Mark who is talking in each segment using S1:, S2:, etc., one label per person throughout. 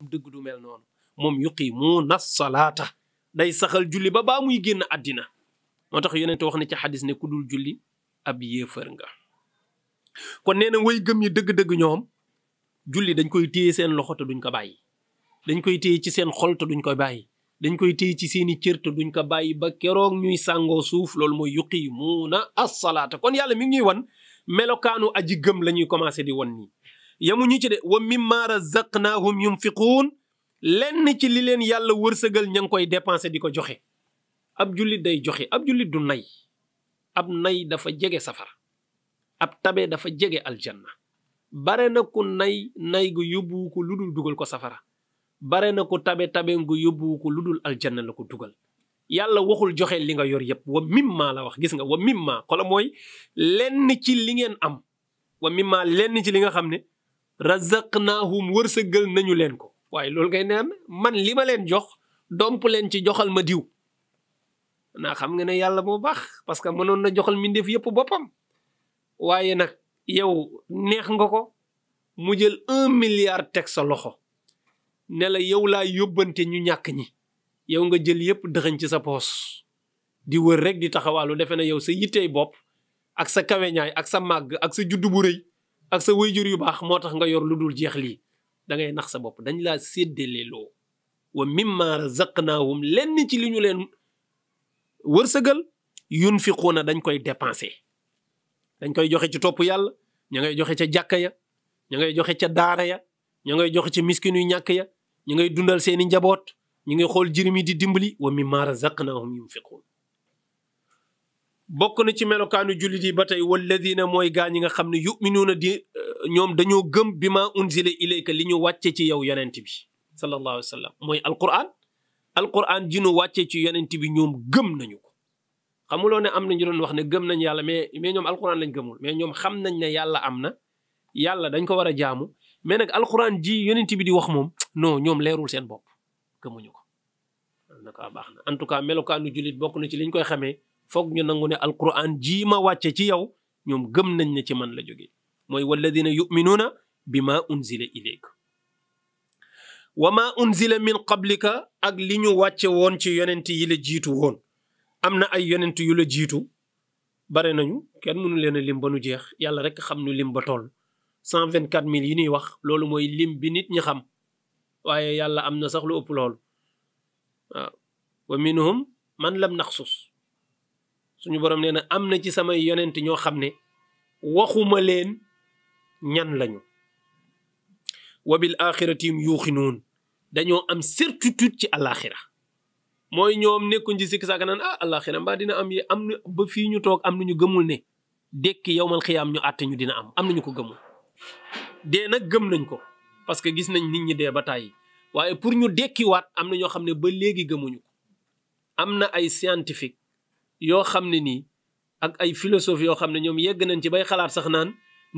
S1: dëgg du mel noonu moom yuqimuuna salaata day saxal julli ba baa muy génn àddina moo tax yonente wax na ci xadis ne ku dul julli ab yéefar nga kon nee na way gëm yi dëgg-dëgg ñoom julli dañ koy téye seen loxo te duñ ko bàyyi dañ koy téye ci seen xol duñ ko bàyyi dañ koy téye ci seeni cër te duñ ko bàyyi ba keroog ñuy sàngoo suuf loolu mooy yuqimuuna as salaata kon yàlla mi ngi ñuy wan melokaanu aji gëm la ñuy commencé di wan nii yamuñu ci de wa mimma razaqnaahum yunfiquun lenn ci li leen yàlla wërsëgal ña ngi koy dépensé di ko joxe ab jullit day joxe ab jullit du nay ab nay dafa jege safara ab tabe dafa jege aljanna bare na ku nay nay gu yóbbuwu ko lu dul dugal ko safara bare na ku tabe tabe gu yóbbuwu ko lu dul aljanna la ko dugal yàlla waxul joxe li nga yor yëpp wa mimma la wax gis nga wa mimma xola mooy lenn ci li ngeen am wa mimma lenn ci li nga xam ne razaqnahum wërsegal nañu len ko waaye lol ngay ne man lima len jox domp len ci joxal ma diw na xam nga ne yalla mo bax parce que mënoon na joxal mbindeef yep bopam waye nak yow neex nga ko mu jël 1 milliard tek sa loxo ne la yow la yobante ñu ñak ñi yow nga jël yep dexeñ ci sa pos di wër rek di taxawalu defena yow sa yittey bop ak sa kaweñaay ak sa mag ak sa juddu bu reuy ak sa wayjur yu baax moo tax nga yor lu dul jeex lii da ngay nax sa bopp dañ laa séddaleeloo wa naa razaqnaahum lenn ci li ñu leen wërsëgal na dañ koy dépensé dañ koy joxe ci topp yàlla ña ngay joxe ca jàkka ya ña ngay joxe ca daara ya ña ngay joxe ci miskin yu ñàkk ya ñu ngay dundal seeni njaboot ñu ngay xool jirim yi di dimbali wa mimma razaqnaahum yunfiquun bokk na ci melokaanu jullit yi ba tey walladina mooy gaa ñi nga xam ne yuminuuna di eh, ñoom dañoo gëm bi ma unzila ilayka li ñu wàcce ci yow yonent bi sallallahu alayhi wa sallam mooy alquran alquran ji nu wàcce ci yonent bi ñoom gëm nañu ko xamuloo ne am na ñu wax ne gëm nañ yàlla mais mais ñoom alquran lañ gëmul mais ñoom xam nañ ne yàlla am na yàlla dañ ko war a jaamu mais nag alquran ji yonent bi di wax moom no ñoom leerul seen bopp gëmuñu ko. en tout cas baax na en tout cas melokaanu jullit bokk na ci liñ koy xamee foog ñu nangu ne alquran jii ma wàcce ci yow ñoom gëm nañ ne ci man la jóge mooy walladina yuminuuna bi ma unzila ilayka wa ma unzila min qablika ak li ñu wàcce woon ci yonent yi la jiitu woon am na ay yonent yu la jiitu bare nañu kenn mënu leen a nu jeex yàlla rek xam nu lim ba toll cent vingt quatre mille yi ñuy wax loolu mooy lim bi nit ñi xam waaye yàlla am na sax lu ëpp loolu waaw wa minhum man lam naxsus suñu borom nee na am na ci samay yenent ñoo xam ne waxuma leen ñan lañu wa bil axirati hum yuuxinuun dañoo am certitude ci alaxira mooy ñoom nekkuñ ci sikk saaka naan ah alaxira mbaa dina am yi am na ba fii ñu toog am na gëmul ne dekki yowmal xiyaam ñu àtte dina am am nañu ko gëmul dee nag gëm nañ ko parce que gis nañ nit ñi dee ba tàyyi waaye pour ñu dekkiwaat am na ñoo xam ne ba léegi gëmuñu ko am na ay scientifique yoo xam ne nii ak ay philosophe yoo xam ne ñoom yegg nañ ci bay xalaat sax naan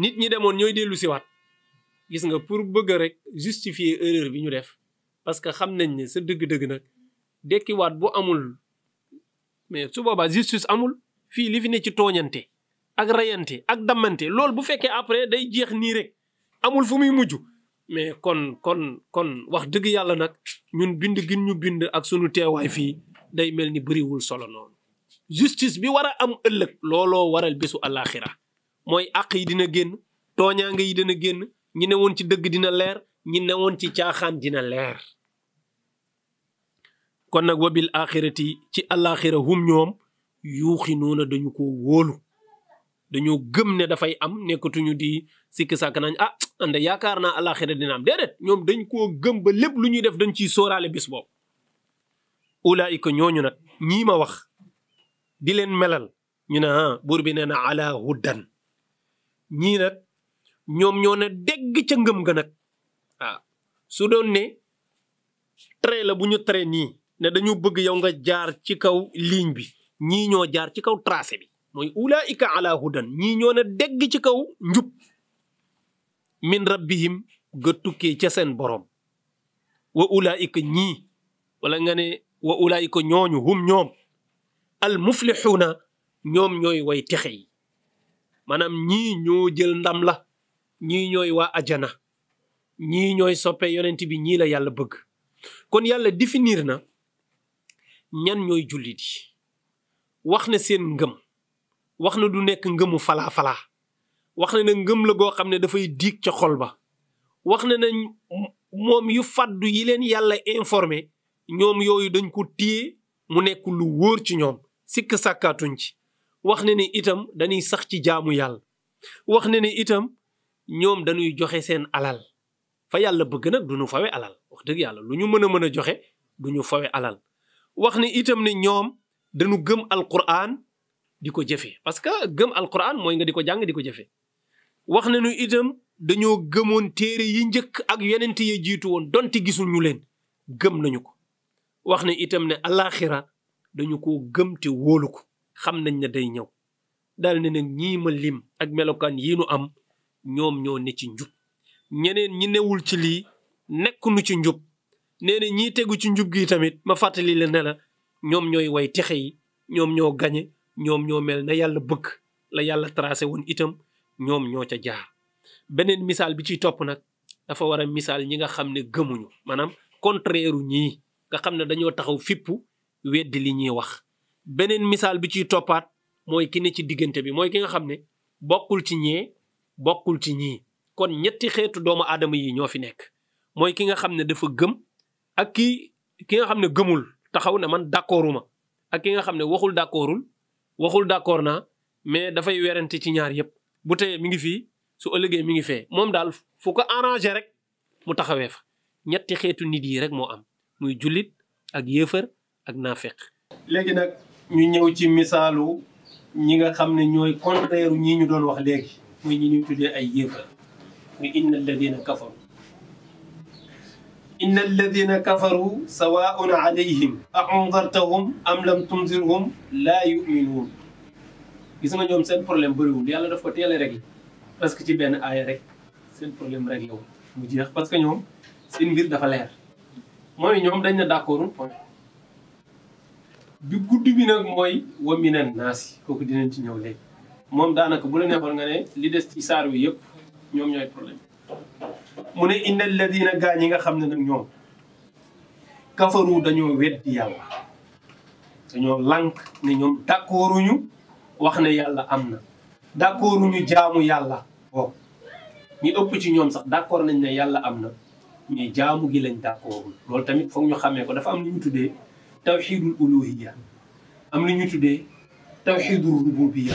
S1: nit ñi demoon ñooy dellu waat gis nga pour bëgg rek justifier erreur bi ñu def parce que xam nañ ne sa dëgg-dëgg nag dekkiwaat bu amul mais su boobaa justice amul fii li fi nekk ci tooñante ak rayante ak dammante lool bu fekkee après day jeex nii rek amul fu muy mujj mais kon kon kon wax dëgg yàlla nag ñun bind gin ñu bind ak sunu teewaay fii day mel ni bëriwul solo noonu justice bi war a am ëllëg looloo waral bésu àllaaxira mooy àq yi dina génn tooñaanga yi dina génn ñi ne woon ci dëgg dina leer ñi ne woon ci caaxaan dina leer kon nag wabil axirati ci àllaaxira hum ñoom yuuxi noona dañu ko wóolu dañoo gëm ne dafay am nekkatuñu di sikk sàkk nañ ah anda yaakaar naa àllaaxira dina am déedéet ñoom dañ koo gëm ba lépp lu ñuy def dañ ciy sóoraale bis boobu ulaayika ñooñu nag ñii ma wax di leen melal ñu ne ah, buur bi nee na ala huddan ñii nag ñoom ñoo ne dégg ca ngëm ga nag ah, su doon ne trait la bu ñu trait nii ne dañu bëgg yow nga jaar ci kaw liiñ bi ñii ñoo jaar ci kaw tracé bi mooy ulaika ala hudan ñii ñoo na dégg ci kaw njub min rabbihim ga tukkee ca seen boroom wa ulaika ñii wala nga ne wa ulaika ñooñu hum ñoom al muflixuuna ñoom ñooy way texe yi maanaam ñii ñoo jël ndam la ñii ñooy waa ajana ñii ñooy soppe yonent bi ñii la yàlla bëgg kon yàlla définir na ñan ñooy jullit wax na seen ngëm wax na du nekk ngëmu falaa falaa wax na na ngëm la goo xam ne dafay diig ca xol ba wax na na moom yu fàddu yi leen yàlla informé ñoom yooyu dañ ko téye mu nekk lu wóor ci ñoom sikk sàkkaatuñ ci wax na ni itam dañuy sax ci jaamu yàlla wax ne ni itam ñoom dañuy joxe seen alal fa yàlla bëgg na du ñu fawe alal wax dëgg yàlla lu ñu mën a mën a joxe du ñu fawe alal wax ne itam ne ñoom dañu gëm alquran di ko jëfe parce que gëm alquran mooy nga di ko jàng di ko jëfe wax na nu itam dañoo gëmoon téere yi njëkk ak yenent yi jiitu woon donte gisul ñu leen gëm nañu ko wax na itam ne alaxira dañu ko gëm te wóolu ko xam nañ ne day ñëw dal ne nag ñii ma lim ak melokaan yi nu am ñoom ñoo ne ci njub ñeneen ñi newul ci lii nekkunu ci njub nee ñii tegu ci njub gi tamit ma fàttali la la ñoom ñooy way texe yi ñoom ñoo gañe ñoom ñoo mel na yàlla bëgg la yàlla tracé woon itam ñoom ñoo ca jaar beneen misaal bi ciy topp nag dafa war a misaal ñi nga xam ne gëmuñu maanaam contraire ñii nga xam ne dañoo taxaw fippu weddi li ñuy wax beneen misaal bi ciy toppaat mooy ki ne ci diggante bi mooy ki nga xam ne bokkul ci ñee bokkul ci ñi kon ñetti xeetu doomu aadama yi ñoo fi nekk mooy ki nga xam ne dafa gëm ak ki ki nga xam ne gëmul taxaw ne man d'accorduma ak ki nga xam ne waxul d'accordul waxul d'accord naa mais dafay werante ci ñaar yépp bu teyee mi ngi fii su ëllëgee mi ngi fee moom daal fu ko arrangé rek mu taxawee fa ñetti xeetu nit yi rek moo am muy jullit ak yëfër ak naafeq léegi nag ñu ñëw ci misalu ñi nga xamne ñoy contraire ñi ñu doon wax léegi muy ñi ñu tuddé ay yefa muy innal ladina kafaru innal ladina kafaru sawaun alayhim a undartahum am lam tunzirhum la yu'minun gis nga ñoom seen problème bari wu yàlla daf ko teel a parce que ci ben ay rek seen problème rek yow mu jeex parce que ñoom seen mbir dafa leer moy ñoom dañ na d'accord point bi guddi bi nag mooy wa minan naasi kooku dinañ ci ñëw léegi moom daanaka bu la neexoon nga ne li des ci saar wi yëpp ñoom ñooy problème mu ne inna alladina gaa ñi nga xam ne nag ñoom kafaru dañoo weddi yàlla dañoo lànk ne ñoom d'accorduñu wax ne yàlla am na d'accorduñu jaamu yàlla boobu ñu ëpp ci ñoom sax d'accord nañ ne yàlla am na mais jaamu gi lañ d'accord loolu tamit foog ñu xamee ko dafa am lu ñu tuddee tawxidul uluhiya am na ñu tuddee tawxidul rububiya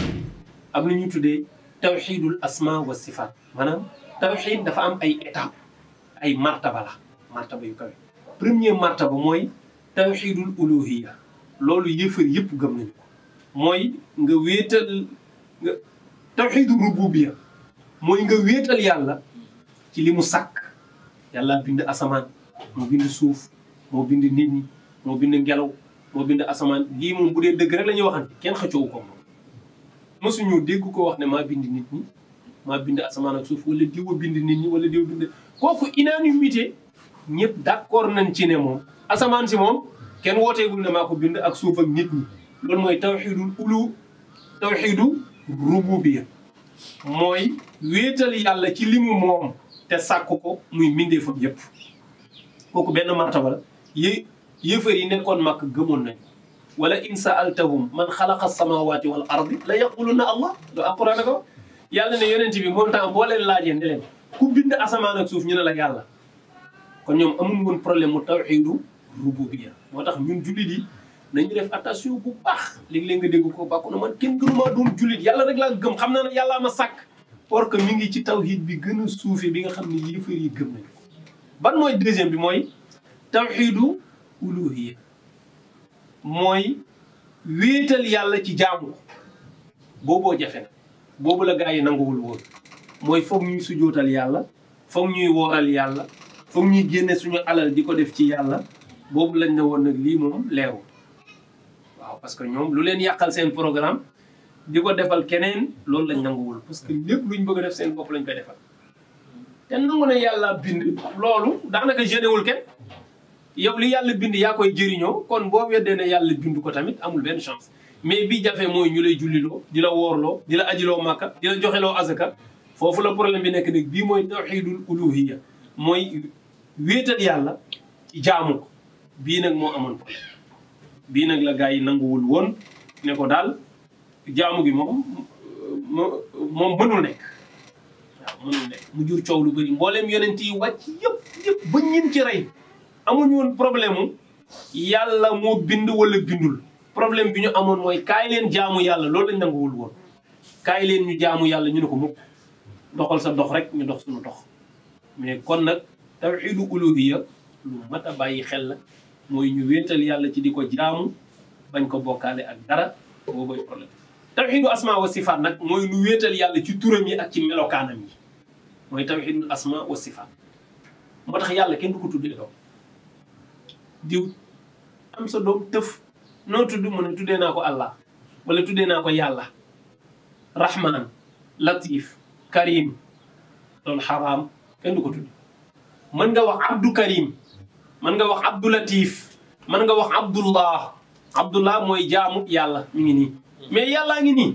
S1: na ñu tuddee tawxidul asma wa sifaat maanaam tawxid dafa am ay étape ay martaba la martaba yu kawe premier martaba mooy tawxidul uluhiya loolu yëfër yëpp gëm nañ ko mooy nga wéetal nga tawxidul rububiya mooy nga wéetal yàlla ci li mu sakk yàlla bind asamaan mu bind suuf moo bind nit ñi moo bind ngelaw moo bind asamaan lii moom bu dee dëgg rek la ñuy waxante kenn xëccoowu ko moom mësuñu dégg ko wax ne maa bind nit ñi maa bind asamaan ak suuf wala diw a bind nit ñi wala diw bind kooku unanimité ñëpp d'accord nañ ci ne moom asamaan si moom kenn wooteegul ne maa bind ak suuf ak nit ñi loolu mooy tawxiidul ulu tawxiidu rububiyya mooy wéetal yàlla ci li mu moom te sàkk ko muy mbindeefam yëpp kooku benn martaba la yi yëfër yi nekkoon màkk gëmoon nañ wala in saaltahum man xalaqa samawati wal ardi la yaquluna allah do alquran ko yàlla ne yonent bi moom temps boo leen laajee ne leen ku bind asamaan ak suuf ñu ne la yàlla kon ñoom amuñ woon problème mu tawxidu rububiyya moo tax ñun jullit yi nañu def attention bu baax léeg-léeg nga dégg ko bàkku na man kenn gënumaa doon jullit yàlla rek laa gëm xam naa ne yàllaa ma sàkk or que mi ngi ci taw tawxid bi gën a suufee bi nga xam ne yëfër yi gëm nañ ko ban mooy deuxième bi mooy tawxidu uluhiyya mooy wéetal yàlla ci jaamu ko booboo jafe na boobu la gars yi nanguwul woon mooy foog ñuy sujootal yàlla foog ñuy wooral yàlla foog ñuy génne suñu alal di ko def ci yàlla boobu lañ ne woon nag lii moom leerul waaw parce que ñoom lu leen yàqal seen programme di ko defal keneen loolu lañ nanguwul parce que lépp lu ñu bëgg a def seen bopp lañ koy defal te nangu na yàlla bind loolu daanaka génnewul kenn yow li yàlla bind yaa koy jëriñoo kon boo weddee ne yàlla bind ko tamit amul benn chance mais bi jafe mooy ñu lay julliloo di la woorloo di la ajiloo màkka di la joxeloo azaka foofu la problème bi nekk nag bii mooy tawxiidul uluhiya mooy wéetal yàlla jaamu ko bii nag moo amoon problème bii nag la gars yi nanguwul woon ne daal jaamu gi moom moom mënul nekk waaw mënul nekk mu jur coow lu bëri mbooleem yonent yi wàcc yëpp yëpp ba ñin ci rey amuñu woon problème mu yàlla moo bind wala bindul problème bi ñu amoon mooy kaay leen jaamu yàlla loolu lañ nanguwul woon kaay leen ñu jaamu yàlla ñu ne ko mukk doxal sa dox rek ñu dox suñu dox mais kon nag tawxidu uluhiya lu mat a bàyyi xel la mooy ñu wéetal yàlla ci di ko jaamu bañ ko bokkaale ak dara boo bay problème wa sifaat nag mooy lu wéetal yàlla ci turam yi ak ci melokaanam yi mooy tawxidul asma wa sifaat moo tax yàlla kenn du ko tuddee doom diw am sa doom teuf no tuddu mo ne tuddee naa ko allah wala tuddee naa ko rahman latif karim loolu haram, kenn duko ko tudd nga wax abdu karim man nga wax abdu latif man nga wax abdullah abdullah moy jaamu yalla mi ngi ni mais yalla ngi ni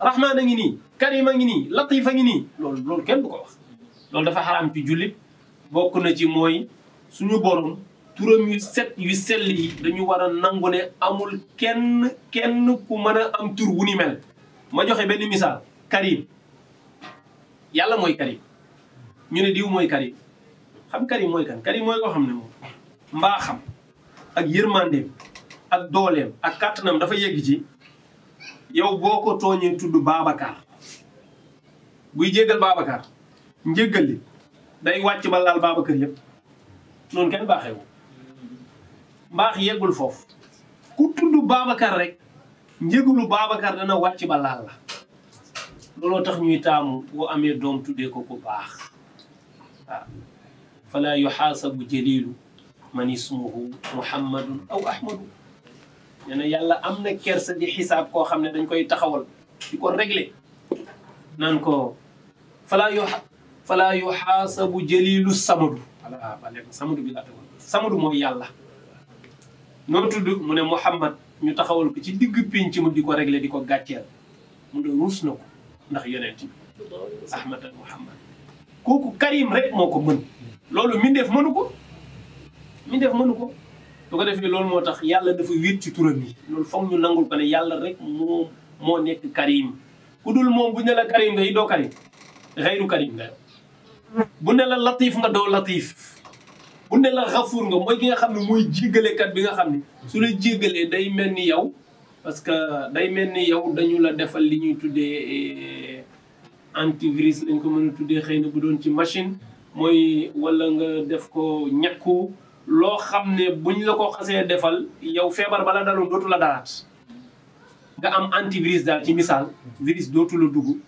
S1: rahman ngi ni karim ngi ni latif ngi ni lol lol kenn ko wax lol dafa haram ci julit bokku na ci moy suñu borom turam yu set yu sell yi dañu war a nangu ne amul kenn kenn ku mën a am tur wu ni mel ma joxe benn misaal Karim yàlla mooy Karim ñu ne diw mooy Karim xam Karim mooy kan Karim mooy koo xam ne moom mbaa xam ak yërmandeem ak dooleem ak kàttanam dafa yegg ci yow boo ko tooñee tudd Babacar buy jéggal Babacar njéggal li day wàcc ba laal Babacar yëpp noonu kenn baaxewu baax yeggul foofu ku tudd Babacar rek njëgulu Babacar dana wàcc ba laal la looloo tax ñuy taamu boo amee doom tuddee ko ku baax waaw fala yuxaasabu jalilu man ismuhu muhammadun aw ahmadu nee yàlla am na kersa di xisaab koo xam ne dañ koy taxawal di ko réglé naan ko fala yu fala yuxaasabu jalilu samadu ala balek samadu mooy yàlla noo tudd mu ne Muhammad ñu taxawal ko ci digg pénc mu di ko réglé di ko gàcceel mu ne ruus na ko ndax yonent bi ahmad ak Muhammad kooku karim rek moo ko mën loolu mindeef mënu ko mindeef mënu ko su ko def defee loolu moo tax yàlla dafa wéet ci turam yi loolu foog ñu nangul ko ne yàlla rek moo moo nekk karim ku dul moom bu ne la karim ngay doo karim xeyru karim nga bu ne la latif nga doo latif bu ne la xafuur nga mooy ki nga xam ne mooy kat bi nga xam ne su la jéggalee day mel ni yow parce que day mel ni yow dañu la defal li ñuy tuddee eh, antivirus lañ ko mën tuddee xëy na bu doon ci machine mooy wala nga def ko ñekku loo xam ne buñ la ko xasee defal yow feebar bala daloon dootu la dalaat nga am antivirus daal ci misaal virus dootu la dugg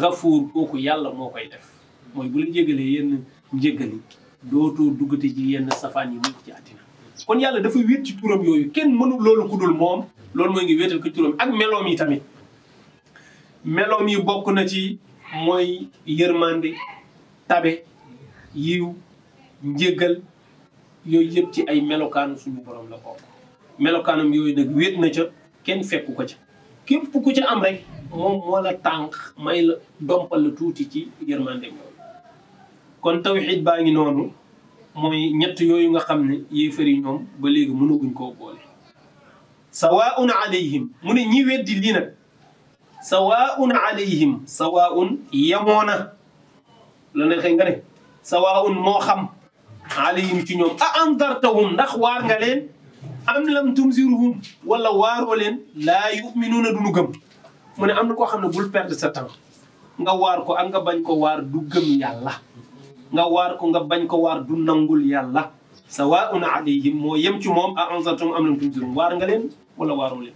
S1: xafuur kooku yàlla moo koy def mooy bu la jéggalee yenn njéggali dootoo duggati ci yenn safaan yi mukk ci àddina kon yàlla dafa wéet ci turam yooyu kenn mënul loolu ku moom loolu mooy ngi wéetal ko turam ak meloom yi tamit meloom yi bokk na ci mooy yërmande tabe yiw njëgal yooyu yëpp ci ay melokaanu suñu borom la bokk melokaanam yooyu nag wéet na ca kenn fekku ko ci képp ku ca am rek moom moo la tànk may la dompal la tuuti ci yërmande kon tawhid baangi nonu moy ñett yoyu nga xam ne yéefar yi ñoom ba léegi mënaguñ koo boole sawaun alayhim mu ne ñi weddi li nak sawaun alayhim sawaun yemoona la ne xëy nga ne sawaun mo xam alayhim ci ñom a andartahum ndax war nga leen am lam tumsiruhum wala waaroo leen yu'minuna du nu gëm mu ne am na ko xamne bul perdre sa temps nga war ko ak nga bañ ko war du gëm yàlla nga war ko nga bañ ko war du nangul yàlla sawaun alayhim mo yem ci mom a anzatum am lam tunzirun war nga len wala waaroo len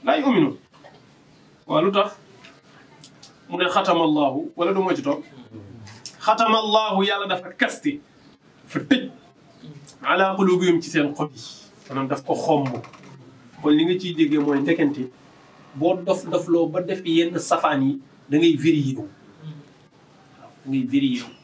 S1: la yu'minu wa lu tax mu ne xatama wala du mo ci toog xatama allahu yàlla dafa kasti fa tëj ala qulubihim ci sen xol manam daf ko xomb ko li nga ci dege moy ndekente bo dof dofloo ba def yenn safani da ngay vériyewu waaw da ngay vériyewu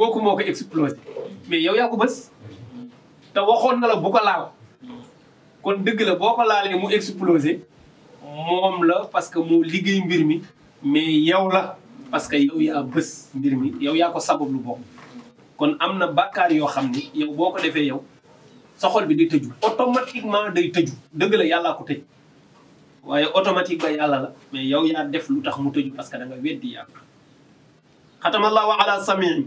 S1: kooku moo ko explosé mais yow yaa ko bës te waxoon na la bu ko laal kon dëgg la boo ko laalee mu explosé moom la parce que moo liggéey mbir mi mais yow la parce que yow yaa bës mbir mi yow yaa ko sabab lu bokk kon am na bàkkaar yoo xam ni yow boo ko defee yow sa xol bi day tëju automatiquement day tëju dëgg la yàllaa ko tëj waaye automatique ba yàlla la mais yow yaa def lu tax mu tëju parce que da nga weddi yàlla xatamallahu ala samiin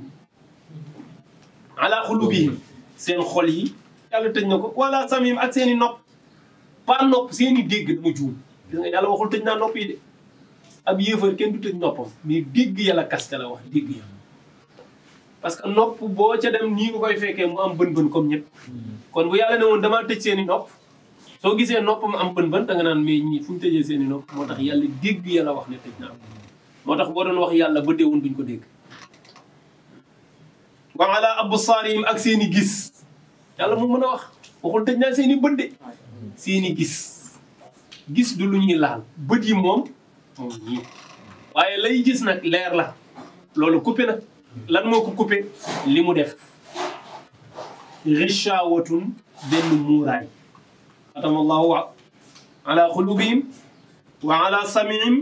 S1: ala xulubihim seen xol yi yàlla tëj na ko wala samim ak seeni i nopp pas nopp seen i dégg mu juum yàlla waxul tëj naa nopp yi de ab yéefar kenn du tëj noppam yàlla kaste la wax dégg yàlla parce que nopp boo ca dem nii nga koy fekkee mu am bën-bën comme ñëpp kon bu yàlla ne woon damaa tëj seen i nopp soo gisee nopp mu am bën-bën da nga naan mais ñii fu ñu tëjee seen nopp moo tax yàlla dégg yàlla wax ne tëj naa ko moo tax boo doon wax yàlla ba déewoon duñ ko dégg wa ala absaarihim ak seeni gis yàlla moo mën a wax waxul tëj naa seen bët de seen gis gis du lu ñuy laal bët yi moom moom ñii waaye lay gis na leer la loolu coupé na lan moo ko coupé li mu def richaawatun benn muuraay xatama allahu ala xulubihim wa ala samihim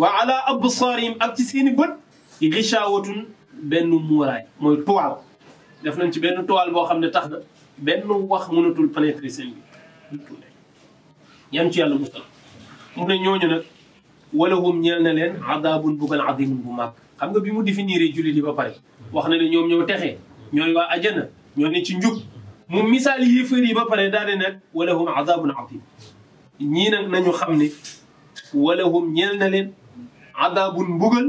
S1: wa ala absaarihim ak ci seen i bët richaawatun benn muuraay mooy toile def nañ ci benn toile boo xam tax benn wax mënatul pénétrer seen bi yan ci yàlla musal mu ne ñooñu nag wala hum ñeel na leen adabun bugal adim bu mag xam nga bi mu définir jullit yi ba pare wax na ne ñoom ñoo texee ñooy waa ajana ñoo ne ci njub mu misaal yi yéefar yi ba pare daal di nag wala hum adabun adim ñii nag nañu xam wala hum ñeel na leen adabun bugal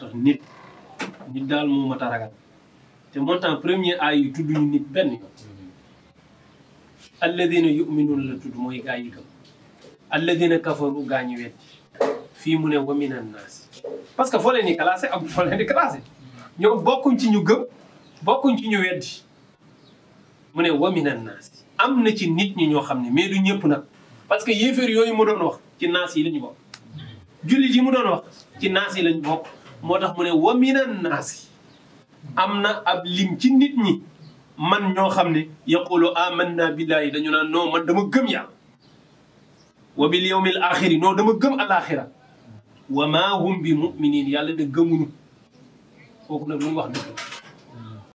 S1: tax nit nit daal moo a ragal te moo tax premier ay yi tudd ñu nit benn yoon alladina la tudd mooy gaa yi gëm kafaru gaa ñu wetti fii mu ne wa min annaas parce que foo leen di classé am foo leen di bokkuñ ci ñu gëm bokkuñ ci ñu weddi mu ne wa min annaas am na ci nit ñi ñoo xam ne mais du ñëpp nag parce que yéeféer yooyu mu doon wax ci naas yi lañu bokk jullit yi mu doon wax ci naas yi lañu bokk motax mune mu ne wamina naasi am ab lim ci nit ñi man ño xamne yaqulu amanna billahi dañu na no man dama gëm yàlla wa bil yawmil akhir no dama gëm al akhirah wa ma hum bi muminin yàlla de gëmunu kokku nak lu mu wax dëgg